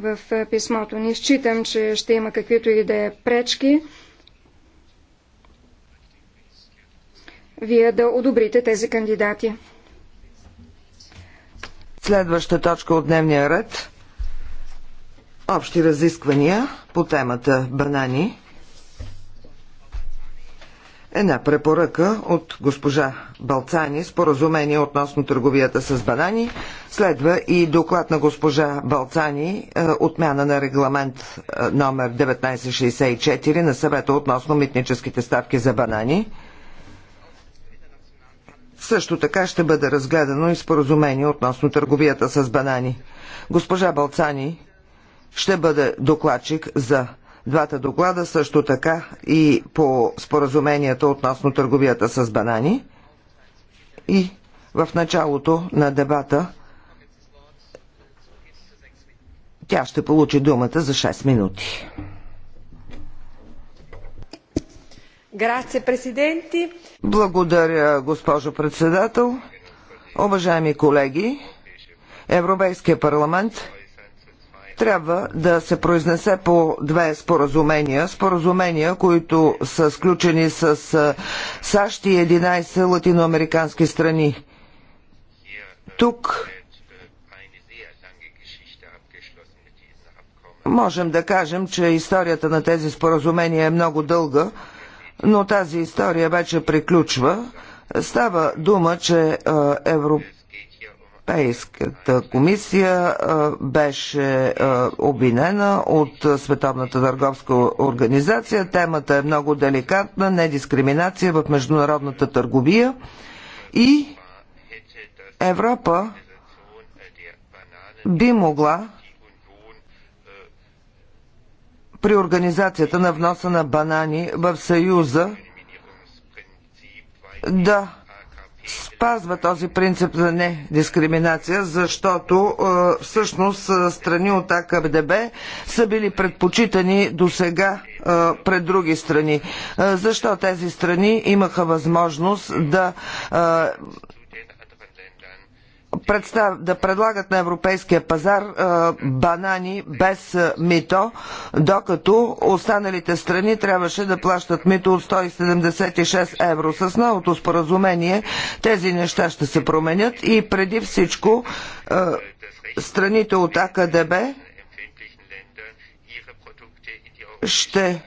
в е, писмото. Не считам, че ще има каквито и да е пречки вие да одобрите тези кандидати. Следваща точка от дневния ред. Общи разисквания по темата банани. Една препоръка от госпожа Балцани, споразумение относно търговията с банани. Следва и доклад на госпожа Балцани е, отмяна на регламент е, номер 1964 на съвета относно митническите ставки за банани. Също така ще бъде разгледано и споразумение относно търговията с банани. Госпожа Балцани ще бъде докладчик за двата доклада, също така и по споразуменията относно търговията с банани. И в началото на дебата Тя ще получи думата за 6 минути. Благодаря, госпожо председател. Уважаеми колеги, Европейския парламент трябва да се произнесе по две споразумения. Споразумения, които са сключени с САЩ и 11 латиноамерикански страни. Тук Можем да кажем, че историята на тези споразумения е много дълга, но тази история вече приключва. Става дума, че е, Европейската комисия е, беше е, обвинена от Световната търговска организация. Темата е много деликатна недискриминация в международната търговия и Европа би могла при организацията на вноса на банани в Съюза да спазва този принцип за недискриминация, защото е, всъщност е, страни от АКБДБ са били предпочитани до сега е, пред други страни. Е, защо тези страни имаха възможност да е, представ, да предлагат на европейския пазар банани без мито, докато останалите страни трябваше да плащат мито от 176 евро. С новото споразумение тези неща ще се променят и преди всичко страните от АКДБ ще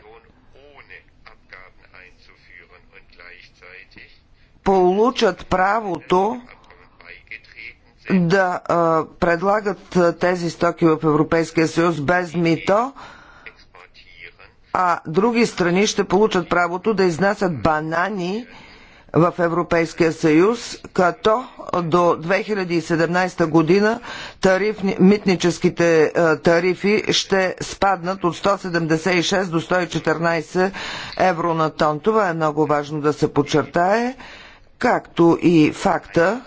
получат правото да а, предлагат тези стоки в Европейския съюз без мито, а други страни ще получат правото да изнасят банани в Европейския съюз, като до 2017 година тариф, митническите тарифи ще спаднат от 176 до 114 евро на тон. Това е много важно да се подчертае, както и факта,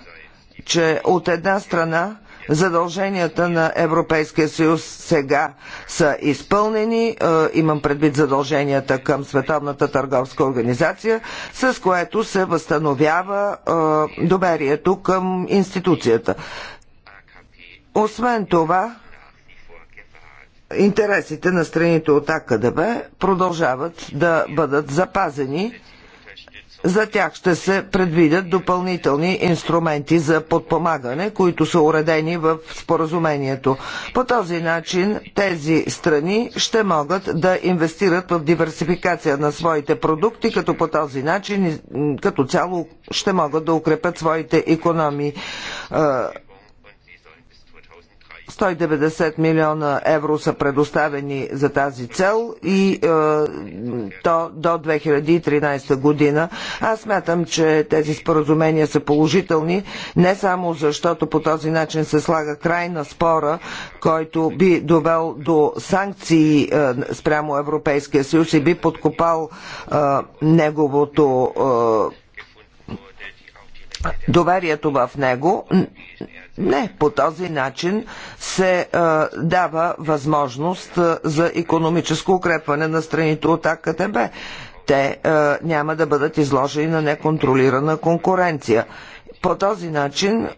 че от една страна задълженията на Европейския съюз сега са изпълнени, е, имам предвид задълженията към Световната търговска организация, с което се възстановява е, доверието към институцията. Освен това, интересите на страните от АКДБ продължават да бъдат запазени за тях ще се предвидят допълнителни инструменти за подпомагане, които са уредени в споразумението. По този начин тези страни ще могат да инвестират в диверсификация на своите продукти, като по този начин като цяло ще могат да укрепят своите економии. Е, 190 милиона евро са предоставени за тази цел и е, то до 2013 година. Аз смятам, че тези споразумения са положителни, не само защото по този начин се слага край на спора, който би довел до санкции е, спрямо Европейския съюз и би подкопал е, неговото е, доверието в него не, по този начин се а, дава възможност а, за економическо укрепване на страните от АКТБ. Те а, няма да бъдат изложени на неконтролирана конкуренция. По този начин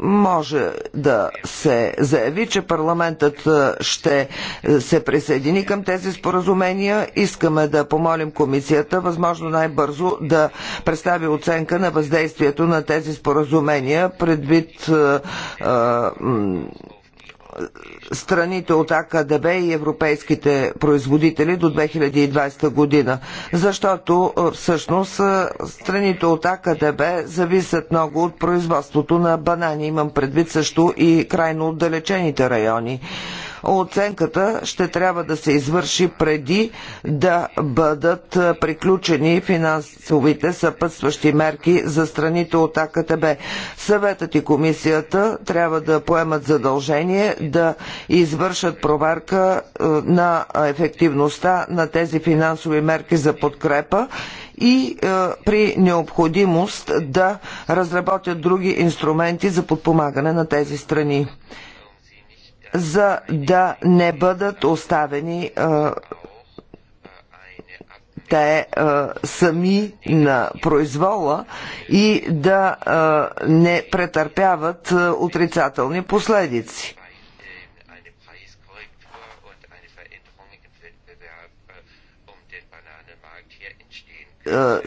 може да се заяви, че парламентът ще се присъедини към тези споразумения. Искаме да помолим комисията, възможно най-бързо, да представи оценка на въздействието на тези споразумения предвид страните от АКДБ и европейските производители до 2020 година. Защото е, всъщност е, страните от АКДБ зависят много от производството на банани. Имам предвид също и крайно отдалечените райони оценката ще трябва да се извърши преди да бъдат приключени финансовите съпътстващи мерки за страните от АКТБ. Съветът и комисията трябва да поемат задължение да извършат проверка на ефективността на тези финансови мерки за подкрепа и е, при необходимост да разработят други инструменти за подпомагане на тези страни за да не бъдат оставени те а, сами на произвола и да а, не претърпяват а, отрицателни последици.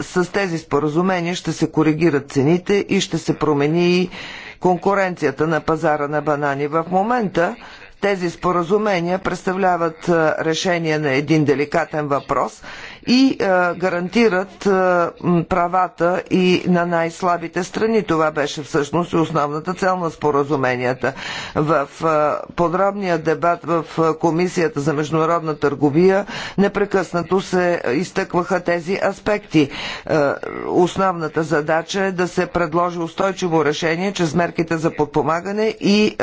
с тези споразумения ще се коригират цените и ще се промени и конкуренцията на пазара на банани. В момента тези споразумения представляват решение на един деликатен въпрос – и е, гарантират е, правата и на най-слабите страни. Това беше всъщност и основната цел на споразуменията. В е, подробния дебат в Комисията за международна търговия непрекъснато се изтъкваха тези аспекти. Основната задача е да се предложи устойчиво решение чрез мерките за подпомагане и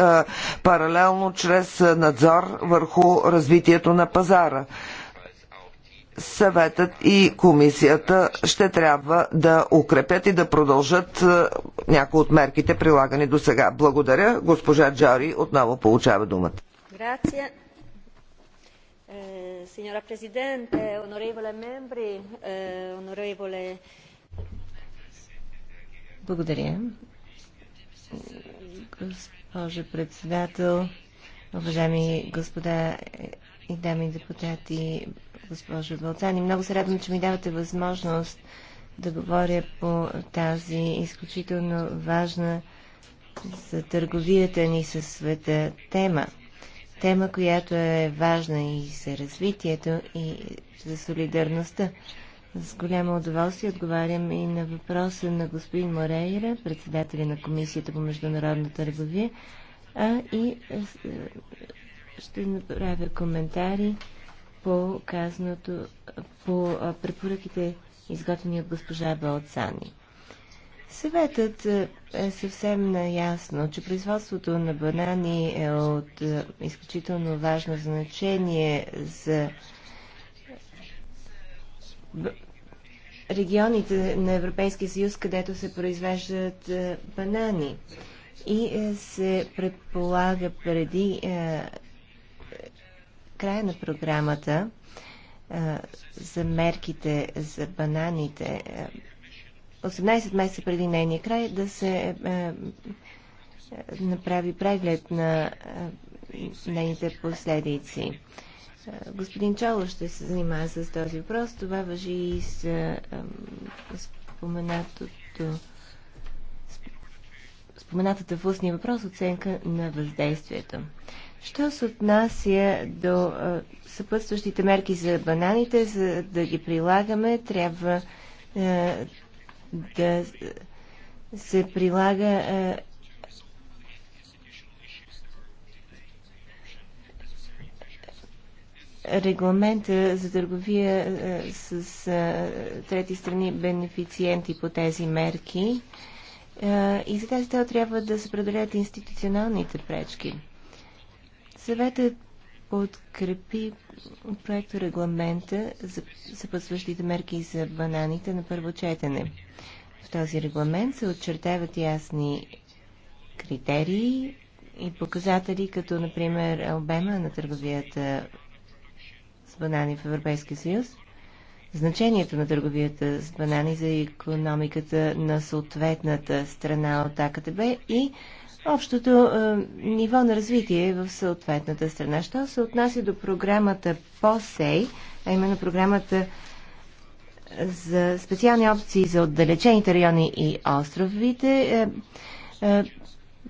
паралелно чрез надзор върху развитието на пазара съветът и комисията ще трябва да укрепят и да продължат е, някои от мерките прилагани до сега. Благодаря. Госпожа Джари отново получава думата. Е, е, Благодаря. Госпожа председател, уважаеми господа и дами депутати, госпожо Балцани. Много се радвам, че ми давате възможност да говоря по тази изключително важна за търговията ни със света тема. Тема, която е важна и за развитието, и за солидарността. С голямо удоволствие отговарям и на въпроса на господин Морейра, председателя на Комисията по международна търговия, а и ще направя коментари по, казаното, по препоръките, изготвени от госпожа Балцани. Съветът е съвсем наясно, че производството на банани е от изключително важно значение за регионите на Европейския съюз, където се произвеждат банани и е, се предполага преди е, края на програмата за мерките за бананите, 18 месеца преди нейния край, да се направи преглед на нейните последици. Господин Чоло ще се занимава с този въпрос. Това въжи и с споменатото споменатата в устния въпрос оценка на въздействието. Що се отнася до съпътстващите мерки за бананите, за да ги прилагаме, трябва а, да се прилага е, регламента за търговия а, с трети страни бенефициенти по тези мерки. И за тази цел трябва да се преодолят институционалните пречки. Съветът подкрепи проекта регламента за съпътстващите мерки за бананите на първо четене. В този регламент се отчертават ясни критерии и показатели, като например обема на търговията с банани в Европейския съюз, значението на търговията с банани за економиката на съответната страна от АКТБ и общото е, ниво на развитие в съответната страна. Що се отнася до програмата ПОСЕЙ, а именно програмата за специални опции за отдалечените райони и островите, е, е,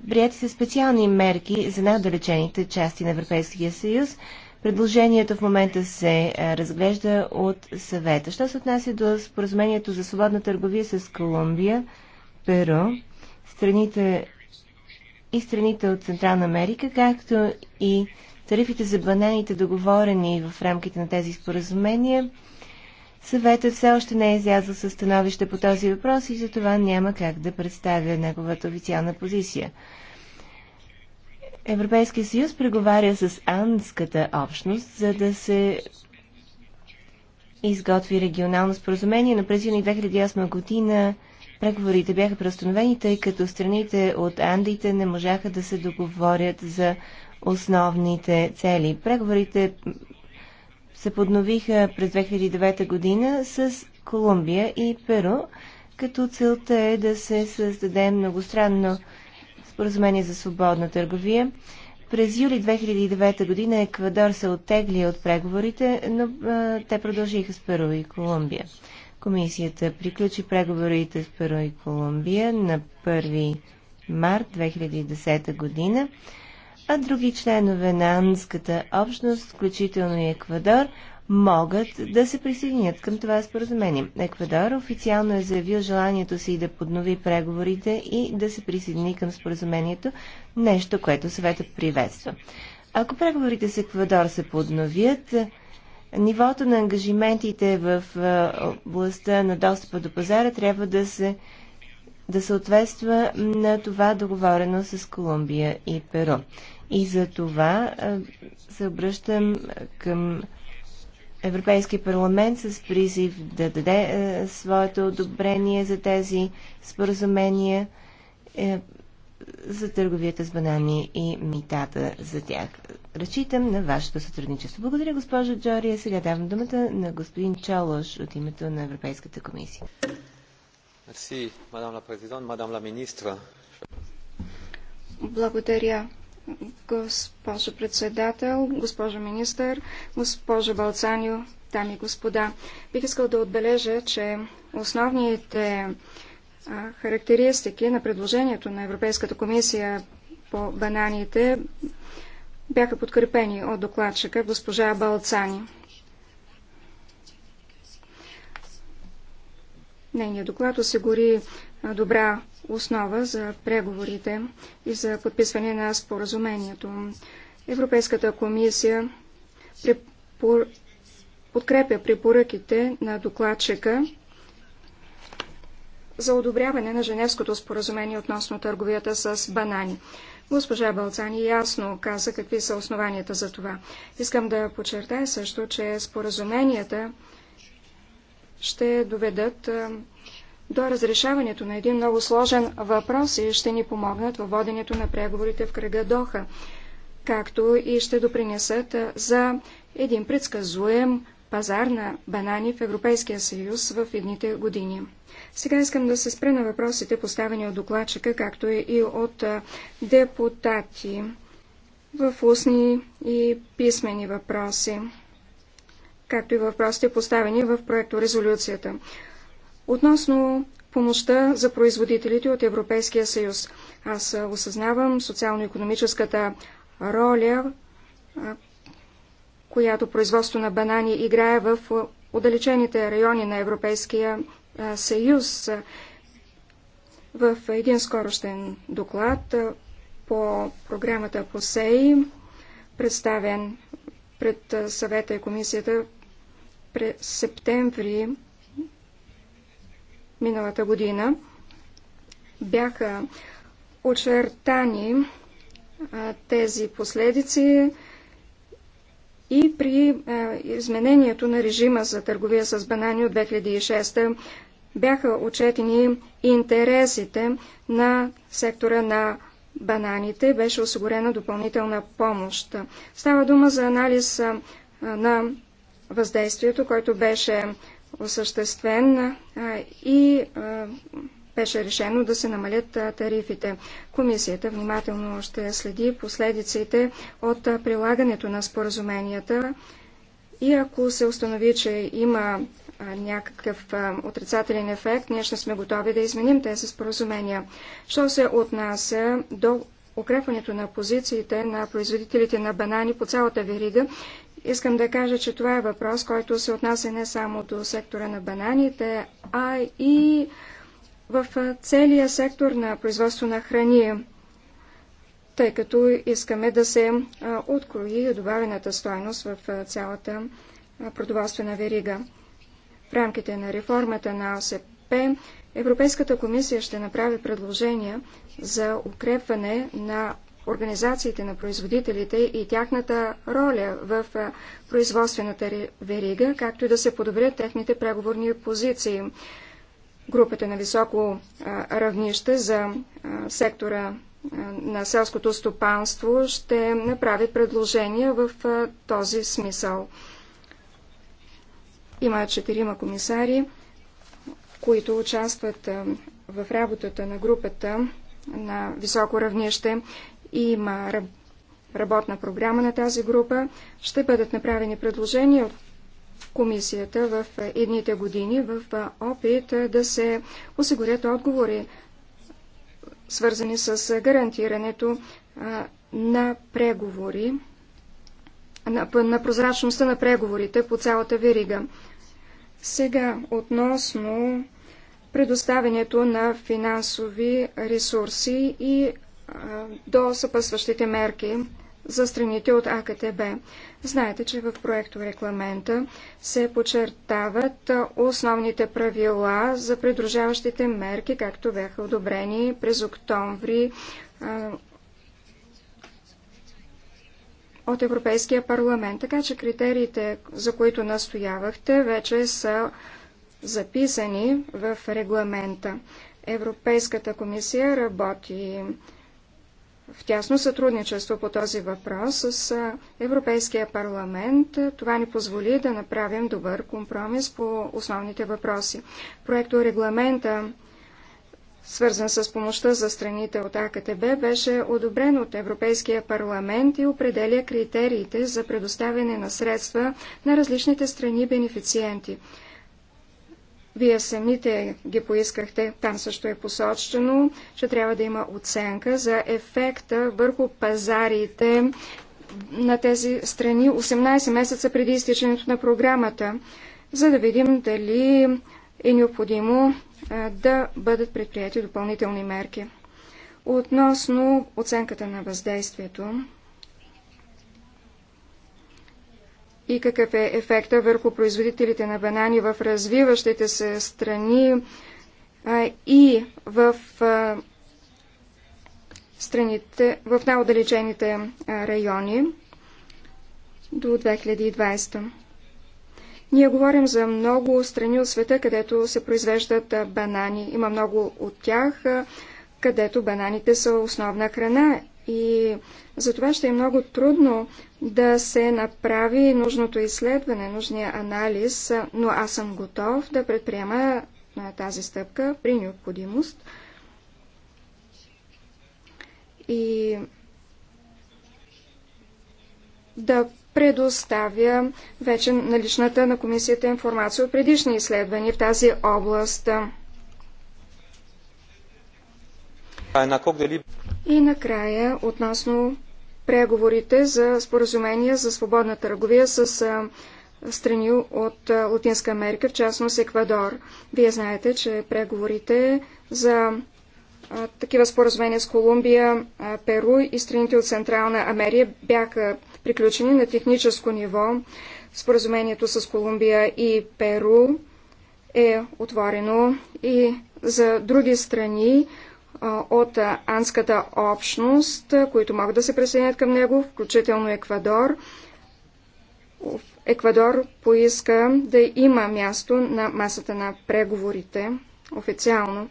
прияти са специални мерки за най-отдалечените части на Европейския съюз. Предложението в момента се е, разглежда от съвета. Що се отнася до споразумението за свободна търговия с Колумбия, Перу, страните и страните от Централна Америка, както и тарифите за бананите, договорени в рамките на тези споразумения, съветът все още не е излязъл със становище по този въпрос и за това няма как да представя неговата официална позиция. Европейския съюз преговаря с Андската общност, за да се изготви регионално споразумение, но през юни 2008 година Преговорите бяха преустановени, тъй като страните от Андите не можаха да се договорят за основните цели. Преговорите се подновиха през 2009 година с Колумбия и Перу, като целта е да се създаде многостранно споразумение за свободна търговия. През юли 2009 година Еквадор се оттегли от преговорите, но а, те продължиха с Перу и Колумбия. Комисията приключи преговорите с Перу и Колумбия на 1 март 2010 година, а други членове на Анската общност, включително и Еквадор, могат да се присъединят към това споразумение. Еквадор официално е заявил желанието си да поднови преговорите и да се присъедини към споразумението, нещо, което съветът приветства. Ако преговорите с Еквадор се подновят, нивото на ангажиментите в областта на достъпа до пазара трябва да се да съответства на това договорено с Колумбия и Перу. И за това се обръщам към Европейския парламент с призив да даде своето одобрение за тези споразумения е, за търговията с банани и митата за тях. Разчитам на вашето сътрудничество. Благодаря, госпожо Джория. Сега давам думата на господин Чолош от името на Европейската комисия. Мерси, мадам ла президент, мадам ла министра. Благодаря, госпожо председател, госпожо министър, госпожо Балцанио, дами и господа. Бих искал да отбележа, че основните характеристики на предложението на Европейската комисия по бананите бяха подкрепени от докладчика госпожа Балцани. Нейният доклад осигури добра основа за преговорите и за подписване на споразумението. Европейската комисия подкрепя препоръките на докладчика за одобряване на Женевското споразумение относно търговията с банани. Госпожа Балцани ясно каза какви са основанията за това. Искам да подчертая също, че споразуменията ще доведат до разрешаването на един много сложен въпрос и ще ни помогнат във воденето на преговорите в кръга Доха, както и ще допринесат за един предсказуем пазар на банани в Европейския съюз в едните години. Сега искам да се спре на въпросите, поставени от докладчика, както и от депутати в устни и писмени въпроси, както и въпросите, поставени в проекто резолюцията. Относно помощта за производителите от Европейския съюз. Аз осъзнавам социално-економическата роля, която производство на банани играе в отдалечените райони на Европейския съюз. В един скорощен доклад по програмата ПОСЕИ, представен пред съвета и комисията през септември миналата година, бяха очертани тези последици, и при изменението на режима за търговия с банани от 2006 бяха отчетени интересите на сектора на бананите, беше осигурена допълнителна помощ. Става дума за анализ на въздействието, който беше осъществен и беше решено да се намалят тарифите. Комисията внимателно ще следи последиците от прилагането на споразуменията и ако се установи, че има някакъв отрицателен ефект, ние ще сме готови да изменим тези споразумения. Що се отнася до укрепването на позициите на производителите на банани по цялата верига, искам да кажа, че това е въпрос, който се отнася не само до сектора на бананите, а и в целия сектор на производство на храни, тъй като искаме да се открои добавената стоеност в цялата продоволствена верига. В рамките на реформата на ОСП Европейската комисия ще направи предложения за укрепване на организациите на производителите и тяхната роля в производствената верига, както и да се подобрят техните преговорни позиции групата на високо равнище за сектора на селското стопанство ще направи предложения в този смисъл. Има четирима комисари, които участват в работата на групата на високо равнище и има работна програма на тази група. Ще бъдат направени предложения от комисията в едните години в опит да се осигурят отговори, свързани с гарантирането на преговори, на, прозрачността на преговорите по цялата верига. Сега относно предоставянето на финансови ресурси и до съпъсващите мерки за страните от АКТБ. Знаете, че в проекто регламента се подчертават основните правила за придружаващите мерки, както бяха одобрени през октомври от Европейския парламент. Така че критериите, за които настоявахте, вече са записани в регламента. Европейската комисия работи в тясно сътрудничество по този въпрос с Европейския парламент. Това ни позволи да направим добър компромис по основните въпроси. Проекто регламента свързан с помощта за страните от АКТБ, беше одобрен от Европейския парламент и определя критериите за предоставяне на средства на различните страни бенефициенти. Вие самите ги поискахте, там също е посочено, че трябва да има оценка за ефекта върху пазарите на тези страни 18 месеца преди изтичането на програмата, за да видим дали е необходимо да бъдат предприяти допълнителни мерки. Относно оценката на въздействието, и какъв е ефекта върху производителите на банани в развиващите се страни а, и в а, страните, в най-отдалечените райони до 2020. Ние говорим за много страни от света, където се произвеждат банани. Има много от тях, където бананите са основна храна и за това ще е много трудно да се направи нужното изследване, нужния анализ, но аз съм готов да предприема тази стъпка при необходимост. И да предоставя вече наличната на комисията информация от предишни изследвания в тази област. Е, И накрая, относно преговорите за споразумения за свободна търговия с страни от Латинска Америка, в частност Еквадор. Вие знаете, че преговорите за такива споразумения с Колумбия, Перу и страните от Централна Америка бяха приключени на техническо ниво. Споразумението с Колумбия и Перу е отворено и за други страни, от анската общност, които могат да се присъединят към него, включително Еквадор. Еквадор поиска да има място на масата на преговорите официално.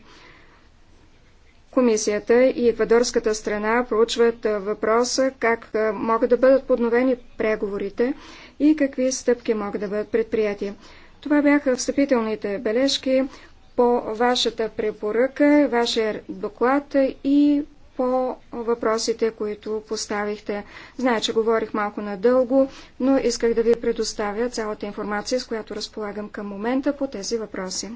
Комисията и еквадорската страна проучват въпроса как могат да бъдат подновени преговорите и какви стъпки могат да бъдат предприяти. Това бяха встъпителните бележки по вашата препоръка, вашия доклад и по въпросите, които поставихте. Зная, че говорих малко надълго, но исках да ви предоставя цялата информация, с която разполагам към момента по тези въпроси.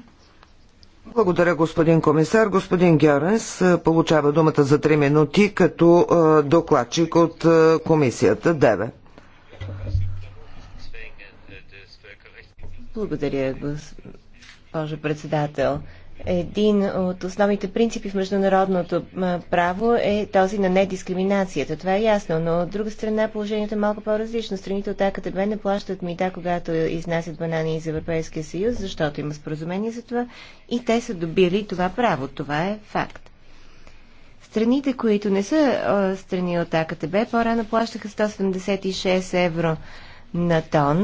Благодаря, господин комисар. Господин Георенс е, получава думата за 3 минути като е, докладчик от е, комисията ДВ. Благодаря, господин госпожо председател. Един от основните принципи в международното право е този на недискриминацията. Това е ясно, но от друга страна положението е малко по-различно. Страните от АКТБ не плащат мита, когато изнасят банани из Европейския съюз, защото има споразумение за това и те са добили това право. Това е факт. Страните, които не са страни от АКТБ, по-рано плащаха 176 евро на тон,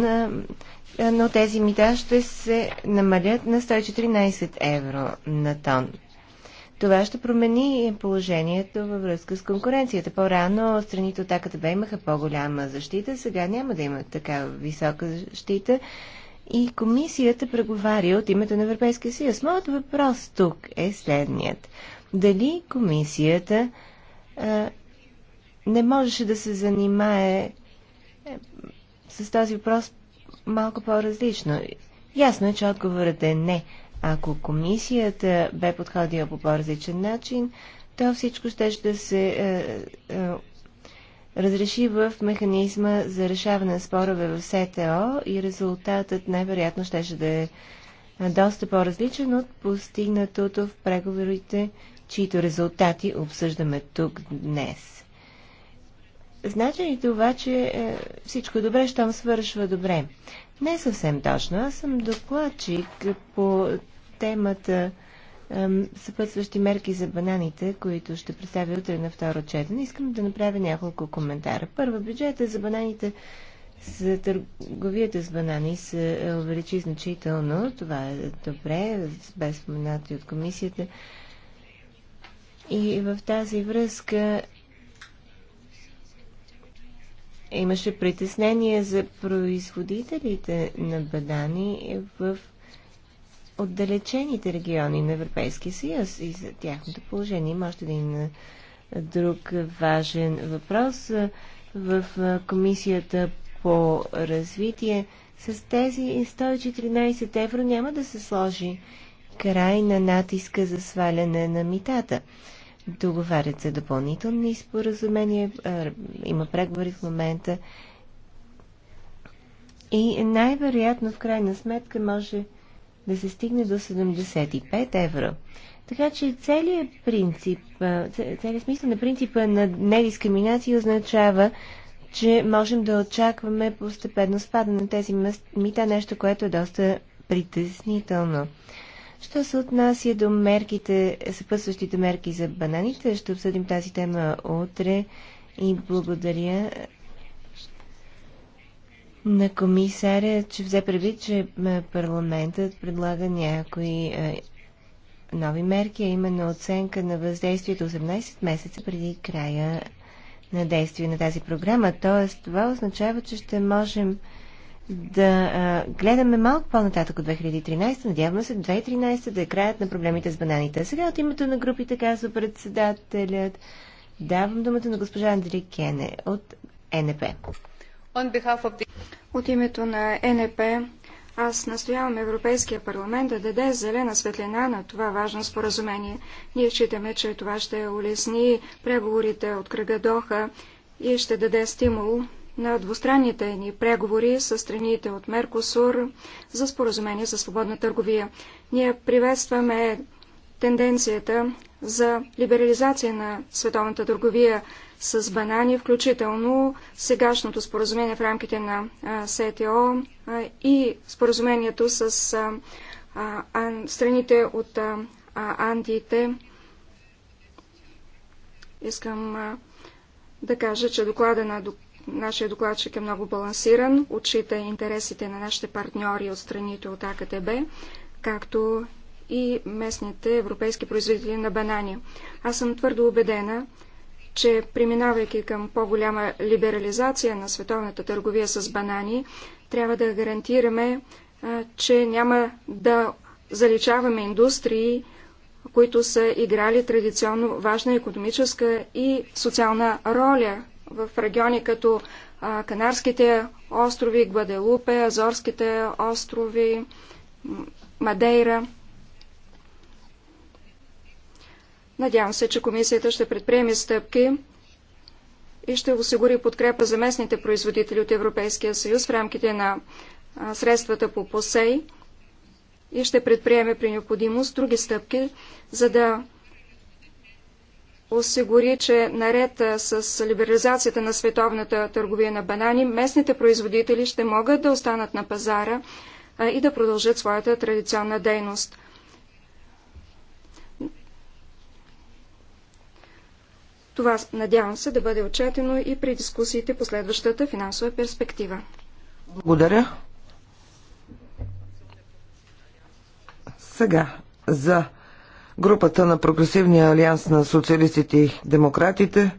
но тези мита ще се намалят на 114 евро на тон. Това ще промени положението във връзка с конкуренцията. По-рано страните от АКТБ имаха по-голяма защита, сега няма да имат такава висока защита. И комисията преговаря от името на Европейския съюз. Моят въпрос тук е следният. Дали комисията а, не можеше да се занимае с този въпрос малко по-различно. Ясно е, че отговорът е не. Ако комисията бе подходила по по-различен начин, то всичко ще да се е, е, разреши в механизма за решаване на спорове в СТО и резултатът най-вероятно ще, ще да е доста по-различен от постигнатото в преговорите, чието резултати обсъждаме тук днес. Значи ли това, че е, всичко е добре, щом свършва добре? Не съвсем точно. Аз съм докладчик по темата е, съпътстващи мерки за бананите, които ще представя утре на второ четене. Искам да направя няколко коментара. Първо, бюджета за бананите за търговията с банани се е, увеличи значително. Това е добре, без споменати от комисията. И в тази връзка имаше притеснение за производителите на бадани в отдалечените региони на Европейския съюз и за тяхното положение. Има още един друг важен въпрос. В комисията по развитие с тези 114 евро няма да се сложи край на натиска за сваляне на митата. Договарят се допълнителни споразумения, има преговори в момента. И най-вероятно в крайна сметка може да се стигне до 75 евро. Така че целият принцип, целият смисъл на принципа на недискриминация означава, че можем да очакваме постепенно спада на тези мита, нещо, което е доста притеснително. Що се отнася до мерките, съпътстващите мерки за бананите, ще обсъдим тази тема утре и благодаря на комисаря, че взе предвид, че парламентът предлага някои е, нови мерки, а именно оценка на въздействието 18 месеца преди края на действие на тази програма. Тоест, това означава, че ще можем да а, гледаме малко по-нататък от 2013. Надяваме се 2013 да е краят на проблемите с бананите. сега от името на групите казва председателят. Давам думата на госпожа Андри Кене от НП. От името на НП аз настоявам Европейския парламент да даде зелена светлина на това важно споразумение. Ние считаме, че това ще улесни преговорите от кръга Доха и ще даде стимул на двустранните ни преговори с страните от Меркосур за споразумение за свободна търговия. Ние приветстваме тенденцията за либерализация на световната търговия с банани, включително сегашното споразумение в рамките на СТО и споразумението с страните от Андиите. Искам да кажа, че доклада на Нашия докладчик е много балансиран, отчита интересите на нашите партньори от страните от АКТБ, както и местните европейски производители на банани. Аз съм твърдо убедена, че преминавайки към по-голяма либерализация на световната търговия с банани, трябва да гарантираме, че няма да заличаваме индустрии, които са играли традиционно важна економическа и социална роля в региони като Канарските острови, Гваделупе, Азорските острови, Мадейра. Надявам се, че комисията ще предприеме стъпки и ще осигури подкрепа за местните производители от Европейския съюз в рамките на средствата по ПОСЕЙ и ще предприеме при необходимост други стъпки, за да осигури, че наред с либерализацията на световната търговия на банани, местните производители ще могат да останат на пазара и да продължат своята традиционна дейност. Това надявам се да бъде отчетено и при дискусиите по следващата финансова перспектива. Благодаря. Сега за групата на Прогресивния алианс на социалистите и демократите,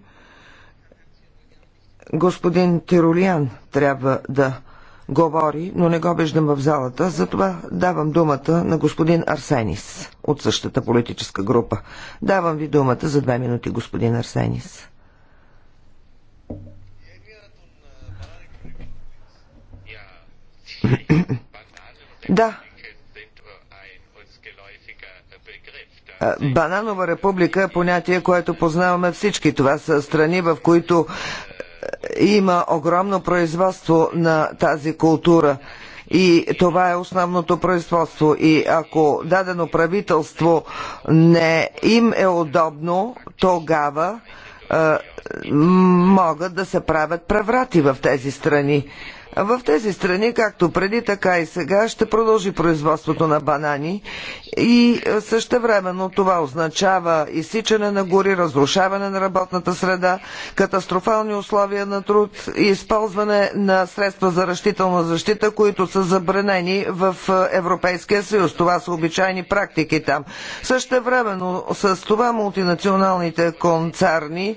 господин Тиролиан трябва да говори, но не го виждам в залата, затова давам думата на господин Арсенис от същата политическа група. Давам ви думата за две минути, господин Арсенис. Да, е, бананова република е понятие, което познаваме всички. Това са страни, в които е, има огромно производство на тази култура. И това е основното производство. И ако дадено правителство не им е удобно, тогава е, могат да се правят преврати в тези страни. В тези страни, както преди, така и сега, ще продължи производството на банани и е, същевременно това означава изсичане на гори, разрушаване на работната среда, катастрофални условия на труд и използване на средства за растителна защита, които са забранени в е, Европейския съюз. Това са обичайни практики там. Същевременно с това мултинационалните концерни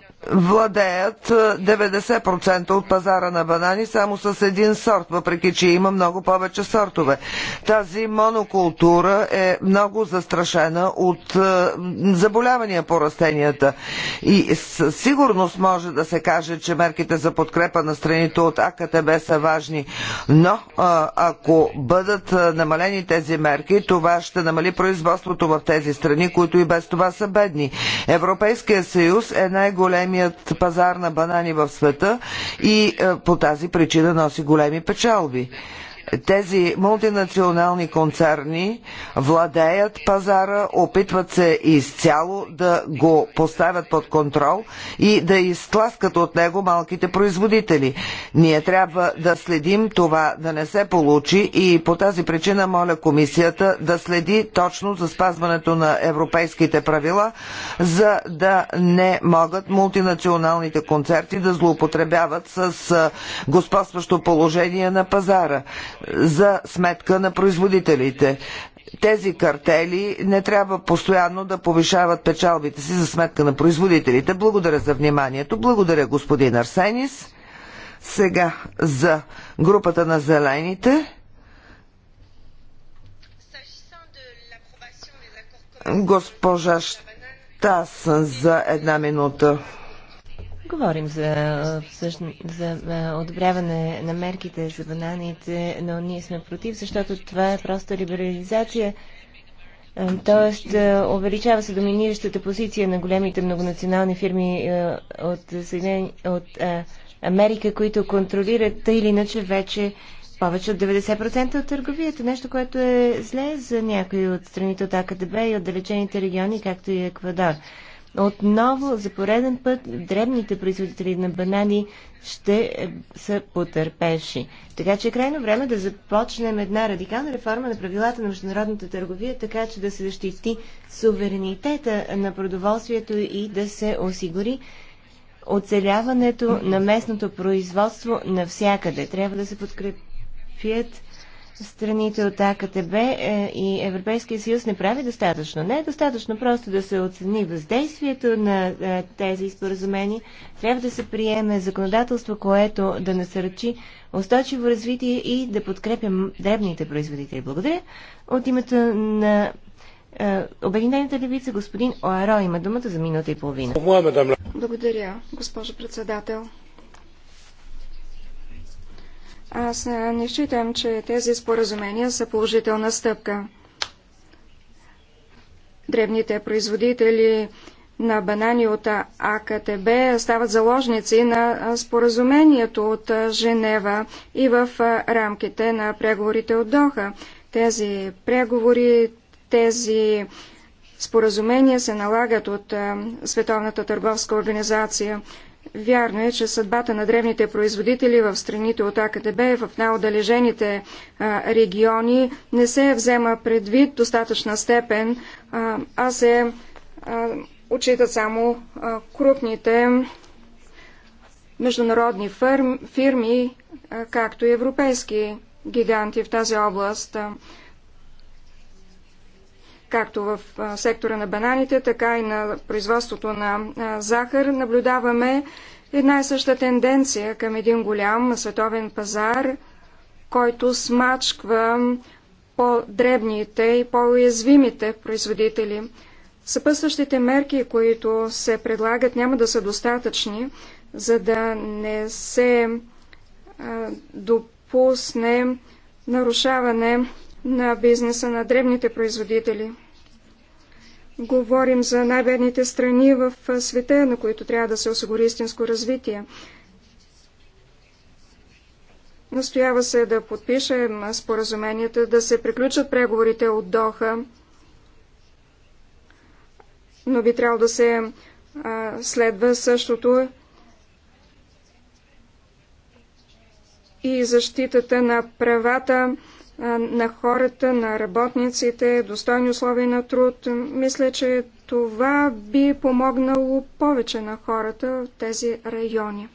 владеят 90% е, от пазара на банани само с един сорт, въпреки че има много повече сортове. Тази монокултура е много застрашена от е, заболявания по растенията. И със сигурност може да се каже, че мерките за подкрепа на страните от АКТБ са важни, но е, ако бъдат намалени тези мерки, това ще намали производството в тези страни, които и без това са бедни. Европейския съюз е най-големи най-големият пазар на банани в света и е, по тази причина носи големи печалби. Тези мултинационални концерни владеят пазара, опитват се изцяло да го поставят под контрол и да изтласкат от него малките производители. Ние трябва да следим това да не се получи и по тази причина моля комисията да следи точно за спазването на европейските правила, за да не могат мултинационалните концерти да злоупотребяват с господстващо положение на пазара за сметка на производителите. Тези картели не трябва постоянно да повишават печалбите си за сметка на производителите. Благодаря за вниманието. Благодаря господин Арсенис. Сега за групата на зелените. Госпожа Штасън за една минута. Говорим за, за одобряване на мерките за бананите, но ние сме против, защото това е просто либерализация. Тоест, увеличава се доминиращата позиция на големите многонационални фирми от, Съединен... от Америка, които контролират тъй или иначе вече повече от 90% от търговията. Нещо, което е зле за някои от страните от АКДБ и отдалечените региони, както и Еквадор. Отново, за пореден път, дребните производители на банани ще е, са потърпевши. Така че е крайно време да започнем една радикална реформа на правилата на международната търговия, така че да се защити суверенитета на продоволствието и да се осигури оцеляването на местното производство навсякъде. Трябва да се подкрепят страните от АКТБ е, и Европейския съюз не прави достатъчно. Не е достатъчно просто да се оцени въздействието на е, тези споразумения. Трябва да се приеме законодателство, което да насърчи устойчиво развитие и да подкрепя дребните производители. Благодаря. От името на е, Обединената левица господин Оаро има думата за минута и половина. Благодаря, госпожо председател. Аз не считам, че тези споразумения са положителна стъпка. Дребните производители на банани от АКТБ стават заложници на споразумението от Женева и в рамките на преговорите от Доха. Тези преговори, тези споразумения се налагат от Световната търговска организация. Вярно е, че съдбата на древните производители в страните от АКТБ е в най-отдалежените региони не се взема предвид достатъчна степен, а, а се а, само а, крупните международни фирми, както и европейски гиганти в тази област както в сектора на бананите, така и на производството на захар, наблюдаваме една и съща тенденция към един голям световен пазар, който смачква по-дребните и по-уязвимите производители. Съпътстващите мерки, които се предлагат, няма да са достатъчни, за да не се допусне нарушаване на бизнеса на дребните производители. Говорим за най-бедните страни в света, на които трябва да се осигури истинско развитие. Настоява се да подпишем споразуменията, да се приключат преговорите от Доха, но би трябвало да се а, следва същото и защитата на правата на хората, на работниците, достойни условия на труд. Мисля, че това би помогнало повече на хората в тези райони.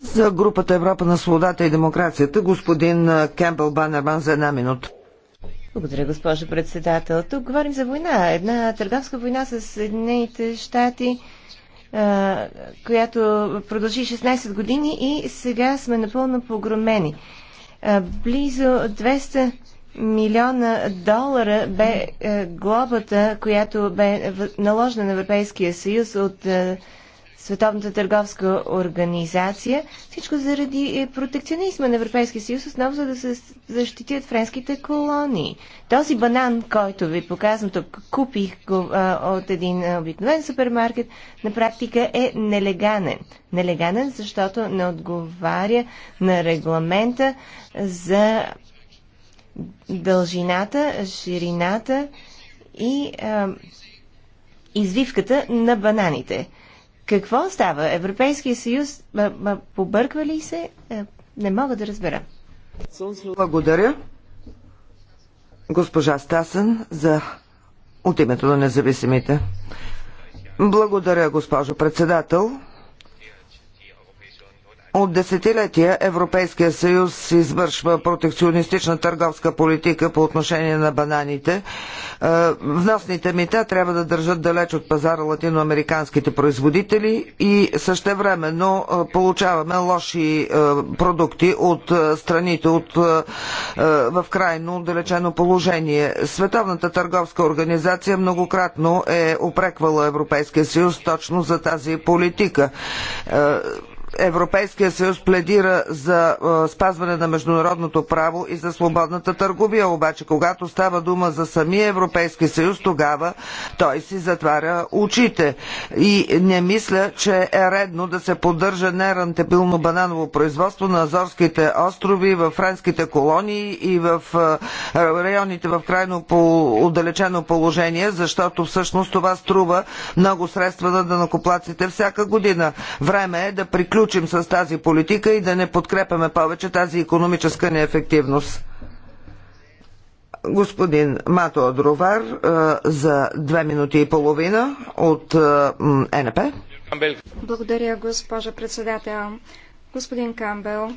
За групата Европа на свободата и демокрацията, господин Кембъл Банерман за една минута. Благодаря, госпожо председател. Тук говорим за война. Една търговска война с Съединените щати която продължи 16 години и сега сме напълно погромени. Близо 200 милиона долара бе глобата, която бе наложена на Европейския съюз от Световната търговска организация. Всичко заради е, протекционизма на Европейския съюз, основно за да се защитят френските колонии. Този банан, който ви показвам тук, купих го а, от един обикновен супермаркет, на практика е нелеганен. Нелеганен, защото не отговаря на регламента за дължината, ширината и а, извивката на бананите. Какво става? Европейския съюз побърква ли се? Е, не мога да разбера. Благодаря. Госпожа Стасен за от името на независимите. Благодаря, госпожо председател. От десетилетия Европейския съюз извършва протекционистична търговска политика по отношение на бананите. Е, вносните мита трябва да държат далеч от пазара латиноамериканските производители и същевременно е, получаваме лоши е, продукти от страните от, в крайно отдалечено положение. Световната търговска организация многократно е опреквала Европейския съюз точно за тази политика. Европейския съюз пледира за е, спазване на международното право и за свободната търговия, обаче когато става дума за самия Европейски съюз, тогава той си затваря очите. И не мисля, че е редно да се поддържа нерантабилно бананово производство на Азорските острови, в френските колонии и в е, районите в крайно по отдалечено положение, защото всъщност това струва много средства на накоплаците всяка година. Време е да приключим приключим с тази политика и да не подкрепяме повече тази економическа неефективност. Господин Мато Адровар е, за две минути и половина от е, НП. Е. Благодаря, госпожа председател. Господин Камбел,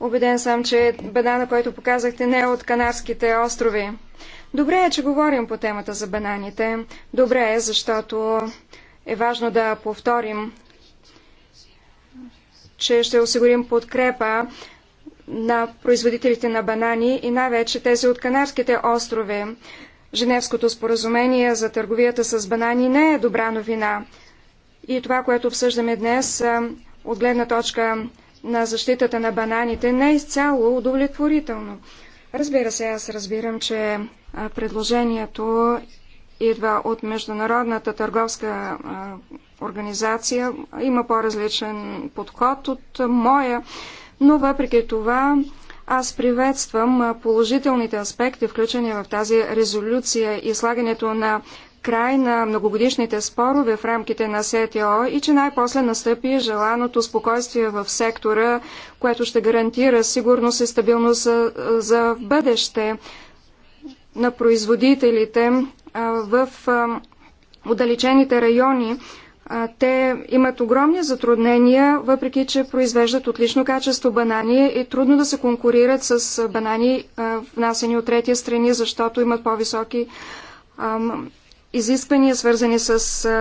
убеден съм, че банана, който показахте, не е от Канарските острови. Добре е, че говорим по темата за бананите. Добре е, защото е важно да повторим че ще осигурим подкрепа на производителите на банани и най-вече тези от Канарските острови. Женевското споразумение за търговията с банани не е добра новина. И това, което обсъждаме днес от гледна точка на защитата на бананите, не е изцяло удовлетворително. Разбира се, аз разбирам, че предложението идва от Международната търговска организация има по-различен подход от моя, но въпреки това аз приветствам положителните аспекти, включени в тази резолюция и слагането на край на многогодишните спорове в рамките на СТО и че най-после настъпи желаното спокойствие в сектора, което ще гарантира сигурност и стабилност за, за бъдеще на производителите в отдалечените райони те имат огромни затруднения, въпреки че произвеждат отлично качество банани и трудно да се конкурират с банани, внасени от третия страни, защото имат по-високи изисквания, свързани с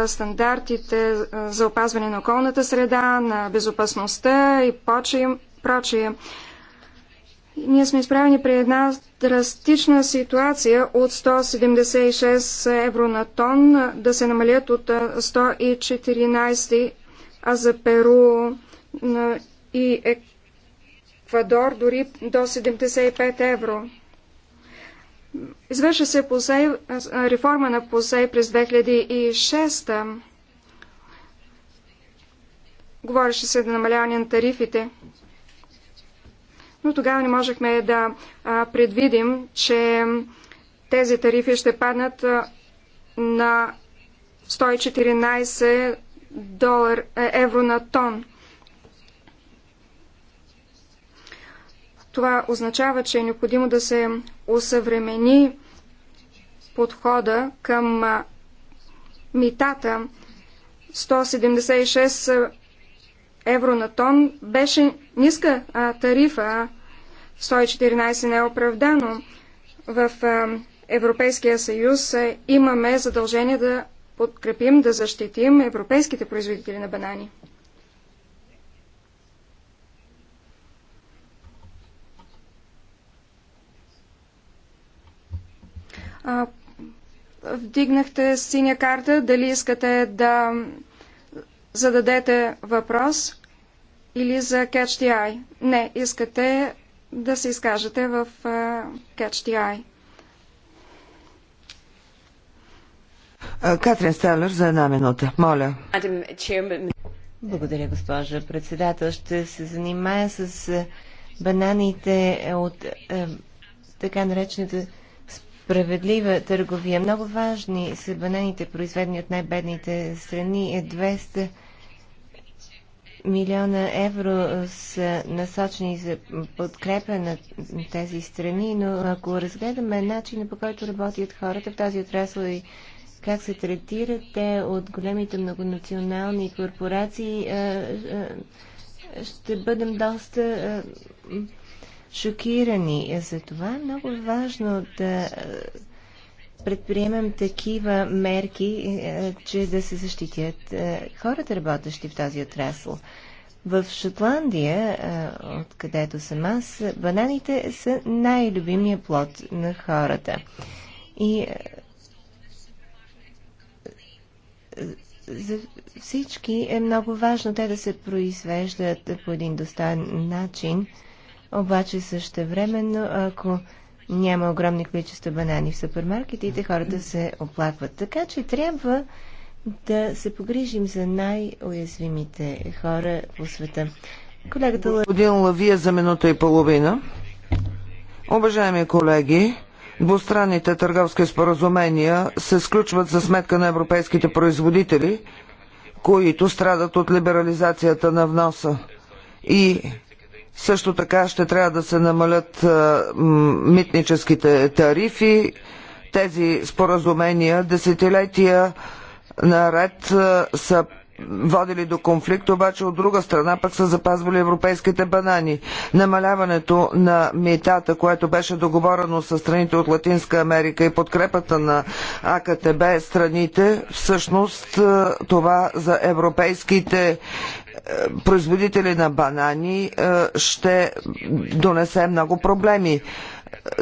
стандартите за опазване на околната среда, на безопасността и прочие ние сме изправени при една драстична ситуация от 176 евро на тон да се намалят от 114, а за Перу и Еквадор дори до 75 евро. Извърши се посей, реформа на посей през 2006 Говореше се за намаляване на тарифите но тогава не можехме да предвидим, че тези тарифи ще паднат на 114 долар, е, евро на тон. Това означава, че е необходимо да се усъвремени подхода към митата. 176 евро на тон беше ниска а, тарифа, 114 не е оправдано. В а, Европейския съюз а, имаме задължение да подкрепим, да защитим европейските производители на банани. А, вдигнахте синя карта, дали искате да зададете въпрос или за Catch the Eye. Не, искате да се изкажете в Catch the Eye. Катрин Стелър за една минута. Моля. Благодаря, госпожа председател. Ще се занимая с бананите от така наречената справедлива търговия. Много важни са бананите, произведени от най-бедните страни. Е милиона евро са насочени за подкрепа на тези страни, но ако разгледаме начина по който работят хората в тази отрасъл и как се третират те от големите многонационални корпорации, ще бъдем доста шокирани. За това е много важно да предприемем такива мерки, е, че да се защитят е, хората, работещи в този отрасъл. В Шотландия, е, откъдето съм аз, бананите са най-любимия плод на хората. И за всички е много важно те да се произвеждат по един достоен начин, обаче също времено, ако няма огромни количества банани в супермаркетите, хората се оплакват. Така че трябва да се погрижим за най-уязвимите хора по света. Колегата Господин Лавия за минута и половина. Уважаеми колеги, двустранните търговски споразумения се сключват за сметка на европейските производители, които страдат от либерализацията на вноса. И също така ще трябва да се намалят митническите тарифи. Тези споразумения десетилетия наред са водили до конфликт, обаче от друга страна пък са запазвали европейските банани. Намаляването на митата, което беше договорено с страните от Латинска Америка и подкрепата на АКТБ страните, всъщност това за европейските производители на банани е, ще донесе много проблеми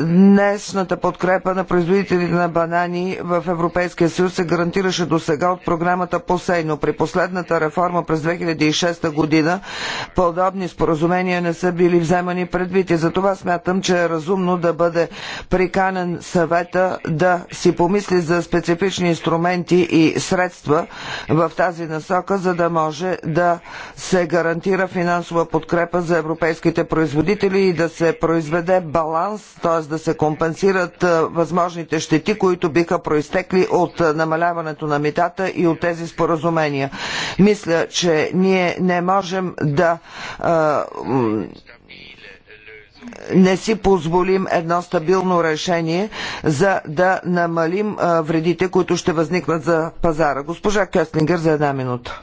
днешната подкрепа на производителите на банани в Европейския съюз се гарантираше до сега от програмата Посейно. При последната реформа през 2006 година подобни споразумения не са били вземани предвид и затова смятам, че е разумно да бъде приканен съвета да си помисли за специфични инструменти и средства в тази насока, за да може да се гарантира финансова подкрепа за европейските производители и да се произведе баланс т.е. да се компенсират възможните щети, които биха проистекли от намаляването на митата и от тези споразумения. Мисля, че ние не можем да не си позволим едно стабилно решение, за да намалим вредите, които ще възникнат за пазара. Госпожа Кеслингър за една минута.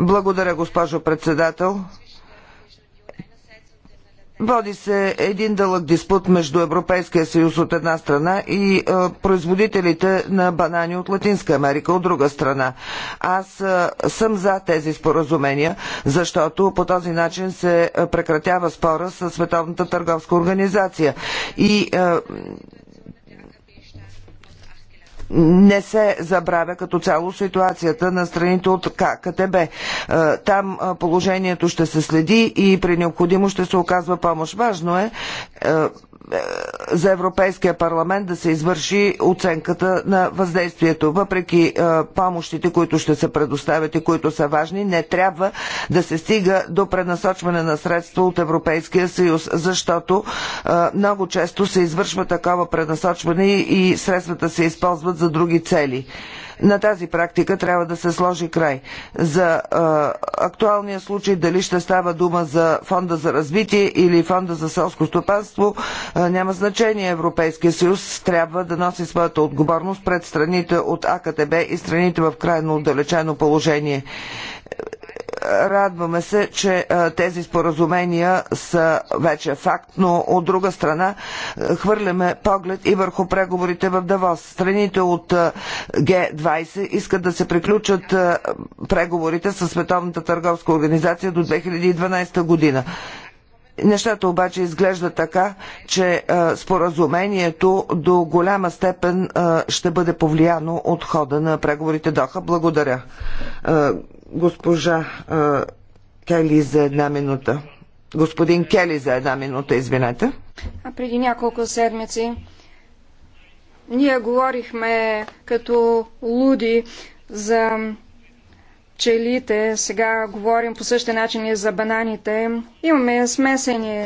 Благодаря, госпожо председател. Води се един дълъг диспут между Европейския съюз от една страна и е, производителите на банани от Латинска Америка от друга страна. Аз е, съм за тези споразумения, защото по този начин се е, прекратява спора с Световната търговска организация. И не се забравя като цяло ситуацията на страните от КТБ. Е, там е, положението ще се следи и при необходимо ще се оказва помощ. Важно е, е за Европейския парламент да се извърши оценката на въздействието. Въпреки е, помощите, които ще се предоставят и които са важни, не трябва да се стига до пренасочване на средства от Европейския съюз, защото е, много често се извършва такова пренасочване и средствата се използват за други цели. На тази практика трябва да се сложи край. За а, актуалния случай, дали ще става дума за фонда за развитие или фонда за селско стопанство, а, няма значение. Европейския съюз трябва да носи своята отговорност пред страните от АКТБ и страните в крайно отдалечено положение Радваме се, че тези споразумения са вече факт, но от друга страна хвърляме поглед и върху преговорите в Давос. Страните от Г20 искат да се приключат преговорите с Световната търговска организация до 2012 година. Нещата обаче изглежда така, че а, споразумението до голяма степен а, ще бъде повлияно от хода на преговорите Доха. Благодаря. А, госпожа Кели за една минута. Господин Кели за една минута, извинете. А преди няколко седмици ние говорихме като луди за пчелите, сега говорим по същия начин и за бананите. Имаме смесени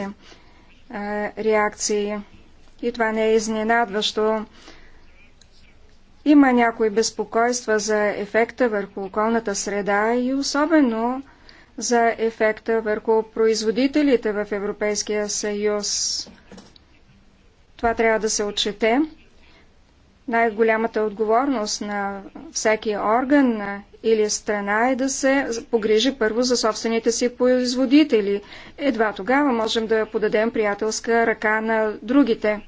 а, реакции и това не е изненадващо. Има някои безпокойства за ефекта върху околната среда и особено за ефекта върху производителите в Европейския съюз. Това трябва да се отчете. Най-голямата отговорност на всеки орган или страна е да се погрижи първо за собствените си производители. Едва тогава можем да подадем приятелска ръка на другите.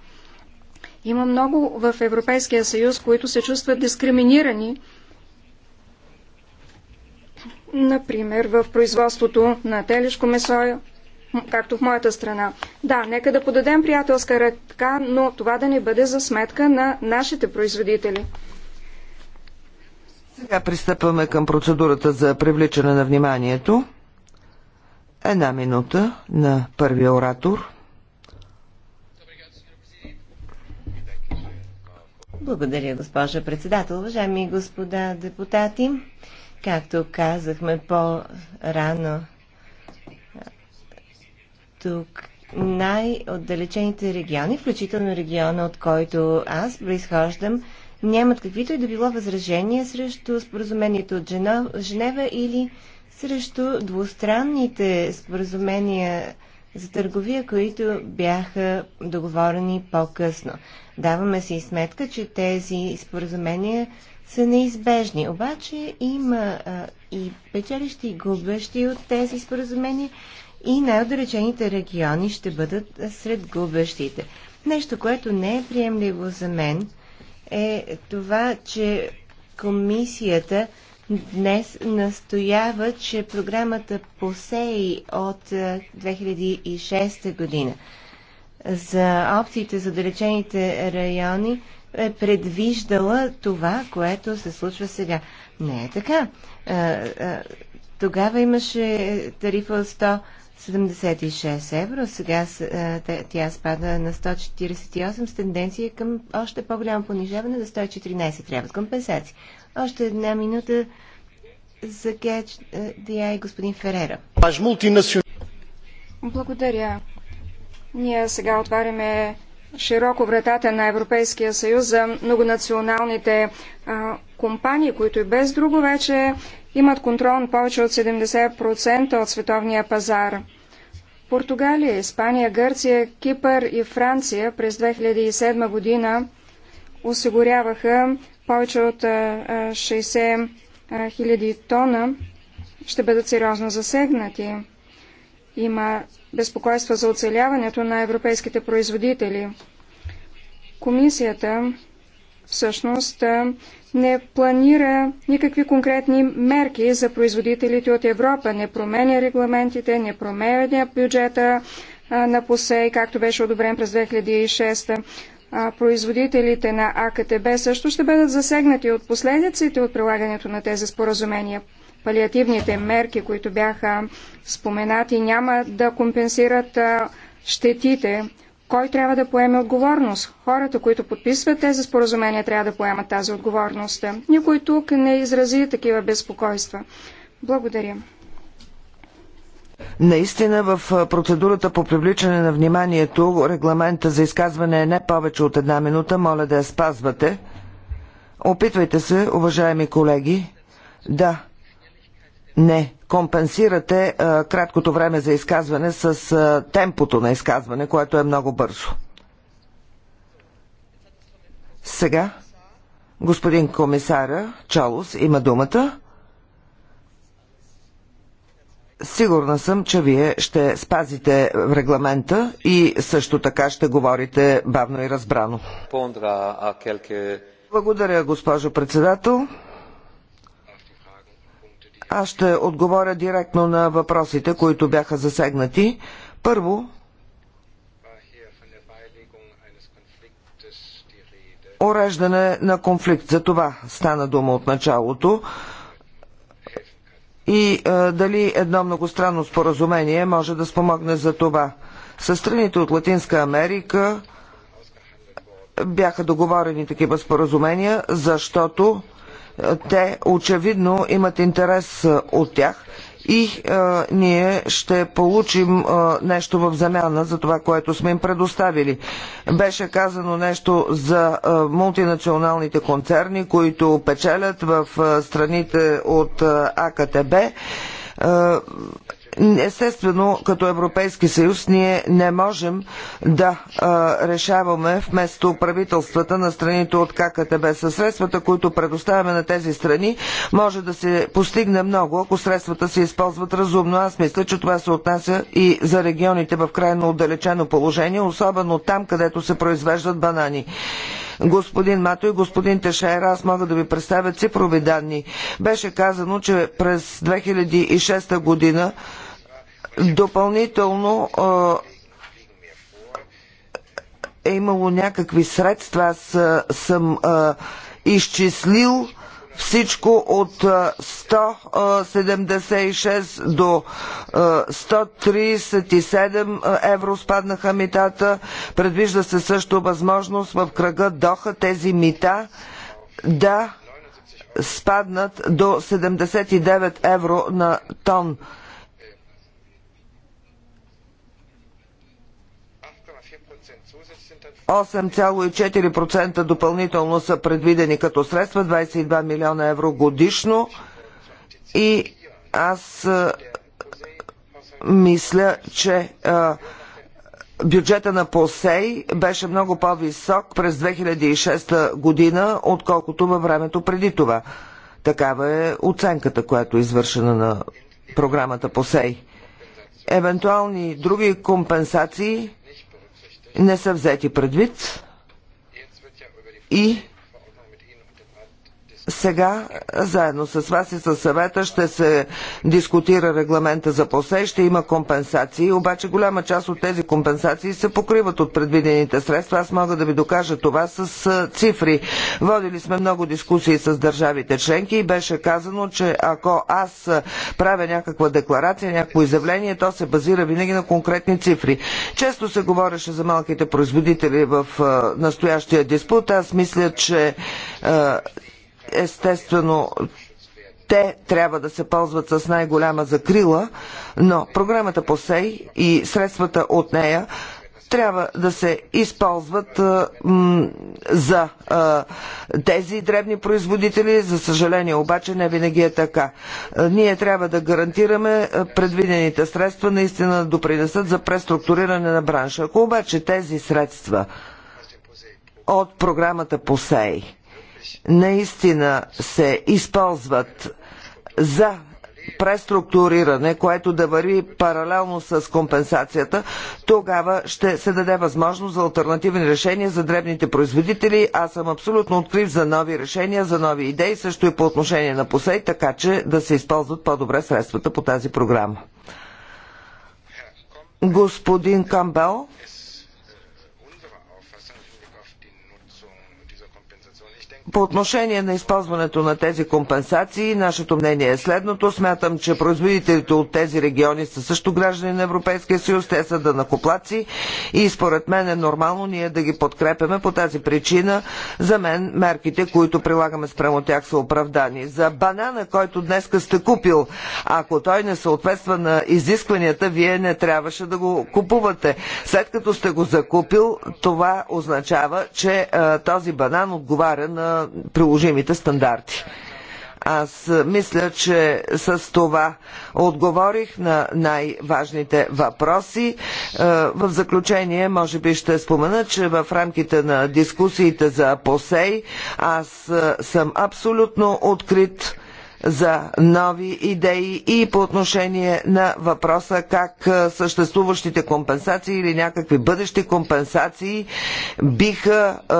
Има много в Европейския съюз, които се чувстват дискриминирани. Например, в производството на телешко месо, както в моята страна. Да, нека да подадем приятелска ръка, но това да не бъде за сметка на нашите производители. Сега пристъпваме към процедурата за привличане на вниманието. Една минута на първия оратор. Благодаря, госпожа председател. Уважаеми господа депутати, както казахме по-рано, тук най-отдалечените региони, включително региона, от който аз произхождам, нямат каквито и да било възражения срещу споразумението от Женева или срещу двустранните споразумения за търговия, които бяха договорени по-късно. Даваме си сметка, че тези споразумения са неизбежни. Обаче има а, и печелищи и губещи от тези споразумения и най-отдалечените региони ще бъдат сред губещите. Нещо, което не е приемливо за мен, е това, че комисията днес настоява, че програмата ПОСЕИ от 2006 е, година за опциите за далечените райони е предвиждала това, което се случва сега. Не е така. Е, е, тогава имаше тарифа от 100 76 евро, сега е, тя спада на 148 с тенденция към още по-голямо понижаване на 114. Трябват компенсации. Още една минута за Catch е, и господин Ферера. Благодаря. Ние сега отваряме широко вратата на Европейския съюз за многонационалните а, компании, които и без друго вече имат контрол на повече от 70% от световния пазар. Португалия, Испания, Гърция, Кипър и Франция през 2007 година осигуряваха повече от 60 000 тона, ще бъдат сериозно засегнати. Има безпокойство за оцеляването на европейските производители. Комисията всъщност не планира никакви конкретни мерки за производителите от Европа, не променя регламентите, не променя бюджета на ПОСЕЙ, както беше одобрен през 2006 производителите на АКТБ също ще бъдат засегнати от последиците от прилагането на тези споразумения. Палиативните мерки, които бяха споменати, няма да компенсират щетите. Кой трябва да поеме отговорност? Хората, които подписват тези споразумения, трябва да поемат тази отговорност. Никой тук не изрази такива безпокойства. Благодаря. Наистина в процедурата по привличане на вниманието регламента за изказване е не повече от една минута. Моля да я спазвате. Опитвайте се, уважаеми колеги. Да, не компенсирате а, краткото време за изказване с а, темпото на изказване, което е много бързо. Сега господин комисаря Чалус има думата. Сигурна съм, че вие ще спазите регламента и също така ще говорите бавно и разбрано. Благодаря, госпожо председател. Аз ще отговоря директно на въпросите, които бяха засегнати. Първо, уреждане на конфликт. За това стана дума от началото. И а, е, дали едно многостранно споразумение може да спомогне за това. Със страните от Латинска Америка бяха договорени такива споразумения, защото те очевидно имат интерес е, от тях и а, е, ние ще получим а, е, нещо в замяна за това, което сме им предоставили. Беше казано нещо за а, мултинационалните концерни, които печелят в а, страните от а, АКТБ. А, Естествено, като Европейски съюз, ние не можем да а, решаваме вместо правителствата на страните от ККТБ. Със средствата, които предоставяме на тези страни, може да се постигне много, ако средствата се използват разумно. Аз мисля, че това се отнася и за регионите в крайно отдалечено положение, особено там, където се произвеждат банани господин Мато и господин Тешайра, аз мога да ви представя цифрови данни. Беше казано, че през 2006 година Допълнително е имало някакви средства. Аз съм изчислил всичко от 176 до 137 евро спаднаха митата. Предвижда се също възможност в кръга Доха тези мита да спаднат до 79 евро на тон. 8,4% допълнително са предвидени като средства, 22 милиона евро годишно и аз мисля, че бюджета на ПОСЕЙ беше много по-висок през 2006 година, отколкото във времето преди това. Такава е оценката, която е извършена на програмата ПОСЕЙ. Евентуални други компенсации не са взети предвид и сега, заедно с вас и с съвета, ще се дискутира регламента за посе, ще има компенсации, обаче голяма част от тези компенсации се покриват от предвидените средства. Аз мога да ви докажа това с цифри. Водили сме много дискусии с държавите членки и беше казано, че ако аз правя някаква декларация, някакво изявление, то се базира винаги на конкретни цифри. Често се говореше за малките производители в настоящия диспут. Аз мисля, че Естествено, те трябва да се ползват с най-голяма закрила, но програмата по СЕЙ и средствата от нея трябва да се използват а, м, за а, тези дребни производители. За съжаление обаче не винаги е така. А, ние трябва да гарантираме предвидените средства наистина да допринесат за преструктуриране на бранша. Ако обаче тези средства от програмата по СЕЙ наистина се използват за преструктуриране, което да върви паралелно с компенсацията, тогава ще се даде възможност за альтернативни решения за дребните производители. Аз съм абсолютно открив за нови решения, за нови идеи, също и по отношение на посей, така че да се използват по-добре средствата по тази програма. Господин Камбел. По отношение на използването на тези компенсации, нашето мнение е следното. Смятам, че производителите от тези региони са също граждани на Европейския съюз, те са данакоплаци и според мен е нормално ние да ги подкрепяме. По тази причина за мен мерките, които прилагаме спрямо тях са оправдани. За банана, който днеска сте купил, ако той не съответства на изискванията, вие не трябваше да го купувате. След като сте го закупил, това означава, че а, този банан отговаря на приложимите стандарти. Аз е, мисля, че с това отговорих на най-важните въпроси. Е, в заключение, може би ще спомена, че в рамките на дискусиите за ПОСЕЙ аз е, съм абсолютно открит за нови идеи и по отношение на въпроса как съществуващите компенсации или някакви бъдещи компенсации биха е,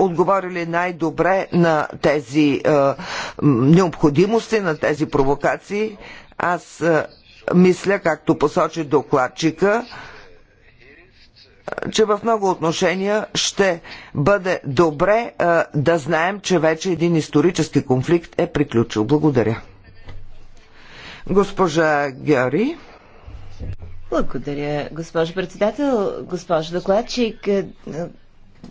отговорили най-добре на тези е, необходимости, на тези провокации. Аз е, мисля, както посочи докладчика, че в много отношения ще бъде добре е, да знаем, че вече един исторически конфликт е приключил. Благодаря. Госпожа Геори. Благодаря, госпожо председател, госпожо докладчик, е,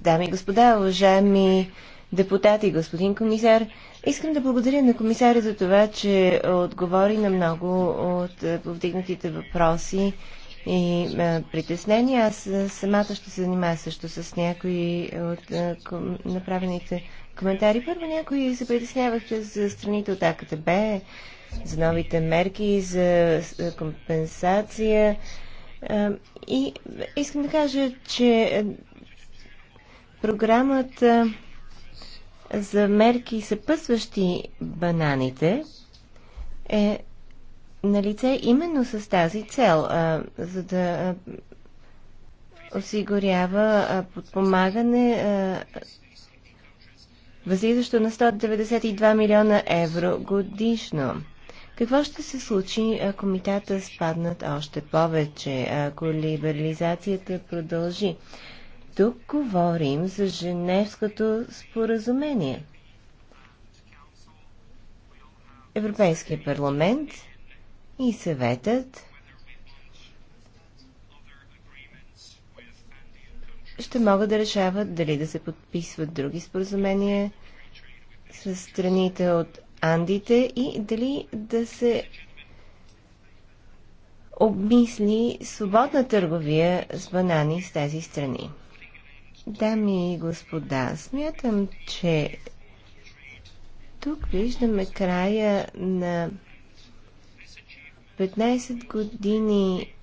дами и господа, уважаеми депутати, господин комисар. Искам да благодаря на комисаря за това, че отговори на много от повдигнатите въпроси и а, притеснения. Аз самата ще се занимая също с някои от а, ком, направените коментари. Първо някои се притесняваха за страните от АКТБ, за новите мерки, за компенсация. А, и искам да кажа, че програмата за мерки съпътстващи бананите е на лице именно с тази цел, а, за да осигурява а, подпомагане а, възлизащо на 192 милиона евро годишно. Какво ще се случи, ако митата спаднат още повече, ако либерализацията продължи? Тук говорим за Женевското споразумение. Европейския парламент – и съветът ще могат да решават дали да се подписват други споразумения с страните от Андите и дали да се обмисли свободна търговия с банани с тези страни. Дами и господа, смятам, че тук виждаме края на 15 години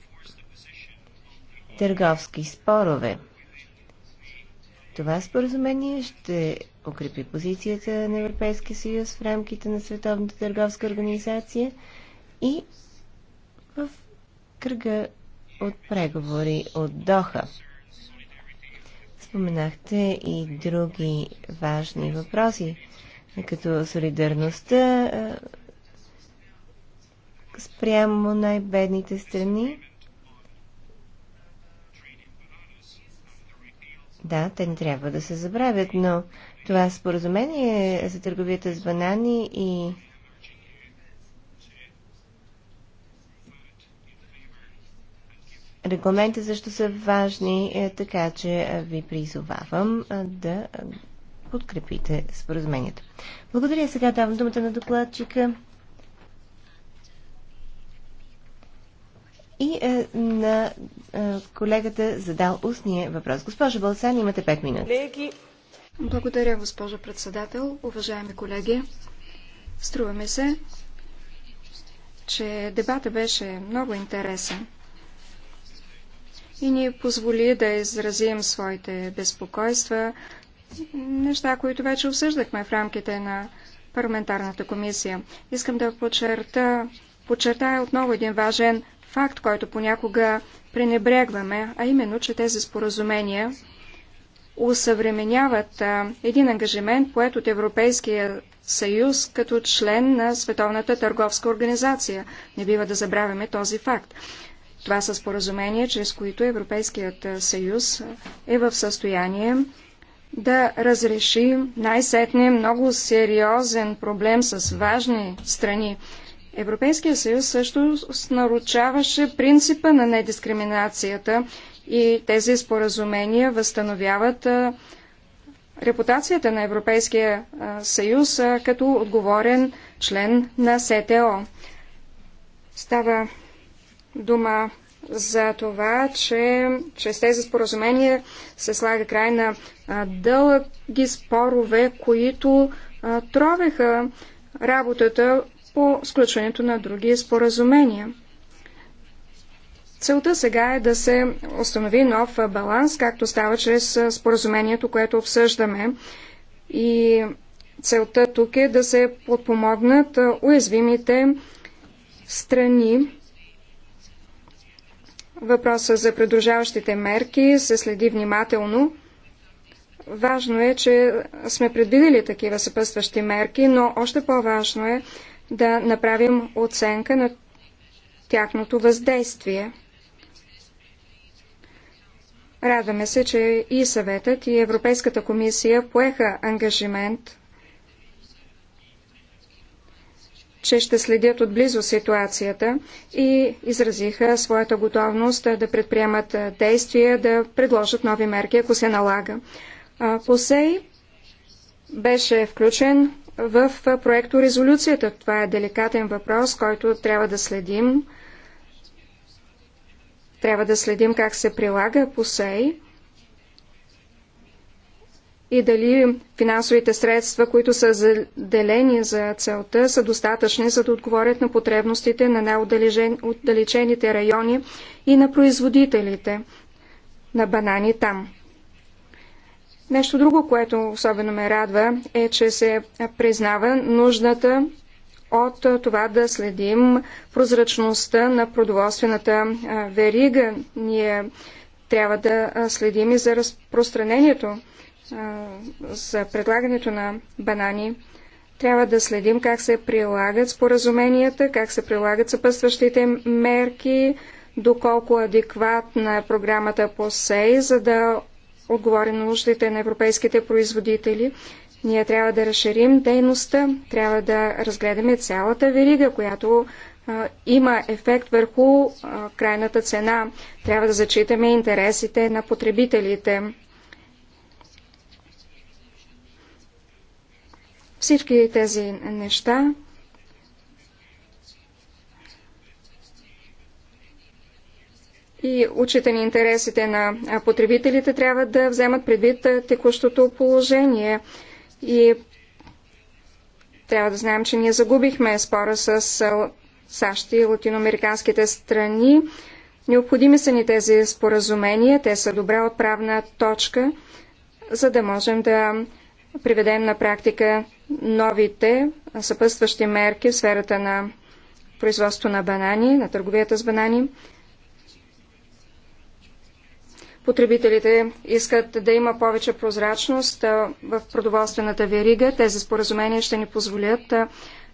търговски спорове. Това споразумение ще укрепи позицията на Европейския съюз в рамките на Световната търговска организация и в кръга от преговори от Доха. Споменахте и други важни въпроси, като солидарността, спрямо най-бедните страни. Да, те не трябва да се забравят, но това споразумение за търговията с банани и регламента също са важни, е, така че е, ви призовавам е, да подкрепите споразумението. Благодаря. Сега давам думата на докладчика. и е, на е, колегата задал устния въпрос. Госпожа Балсан, имате 5 минути. Благодаря, госпожо председател. Уважаеми колеги, струва ми се, че дебата беше много интересен и ни позволи да изразим своите безпокойства, неща, които вече обсъждахме в рамките на парламентарната комисия. Искам да подчерта, подчертая отново един важен факт, който понякога пренебрегваме, а именно, че тези споразумения усъвременяват а, един ангажимент, поет от Европейския съюз като член на Световната търговска организация. Не бива да забравяме този факт. Това са споразумения, чрез които Европейският съюз е в състояние да разреши най-сетне много сериозен проблем с важни страни. Европейския съюз също наручаваше принципа на недискриминацията и тези споразумения възстановяват репутацията на Европейския съюз като отговорен член на СТО. Става дума за това, че чрез тези споразумения се слага край на дълги спорове, които тровеха работата по сключването на други споразумения. Целта сега е да се установи нов баланс, както става чрез споразумението, което обсъждаме. И целта тук е да се подпомогнат уязвимите страни. Въпроса за придружаващите мерки се следи внимателно. Важно е, че сме предвидели такива съпътстващи мерки, но още по-важно е да направим оценка на тяхното въздействие. Радваме се, че и съветът, и Европейската комисия поеха ангажимент, че ще следят отблизо ситуацията и изразиха своята готовност да предприемат действия, да предложат нови мерки, ако се налага. Посей беше включен в проекто резолюцията. Това е деликатен въпрос, който трябва да следим. Трябва да следим как се прилага посей и дали финансовите средства, които са заделени за целта, са достатъчни, за да отговорят на потребностите на най-отдалечените райони и на производителите на банани там. Нещо друго, което особено ме радва, е, че се признава нуждата от това да следим прозрачността на продоволствената верига. Ние трябва да следим и за разпространението, за предлагането на банани. Трябва да следим как се прилагат споразуменията, как се прилагат съпътстващите мерки, доколко адекватна е програмата по СЕЙ, за да отговори на нуждите на европейските производители. Ние трябва да разширим дейността, трябва да разгледаме цялата верига, която а, има ефект върху а, крайната цена. Трябва да зачитаме интересите на потребителите. Всички тези неща и учитани интересите на потребителите, трябва да вземат предвид текущото положение. И трябва да знаем, че ние загубихме спора с САЩ и латиноамериканските страни. Необходими са ни тези споразумения, те са добра отправна точка, за да можем да приведем на практика новите съпътстващи мерки в сферата на производство на банани, на търговията с банани. Потребителите искат да има повече прозрачност в продоволствената верига. Тези споразумения ще ни позволят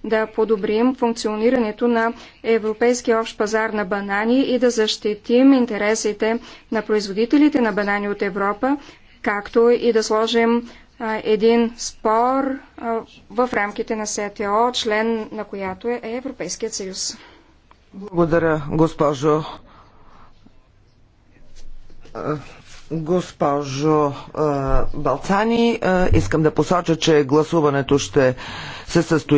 да подобрим функционирането на Европейския общ пазар на банани и да защитим интересите на производителите на банани от Европа, както и да сложим един спор в рамките на СТО, член на която е Европейският съюз. Благодаря, госпожо Госпожо Балцани, искам да посоча, че гласуването ще се състои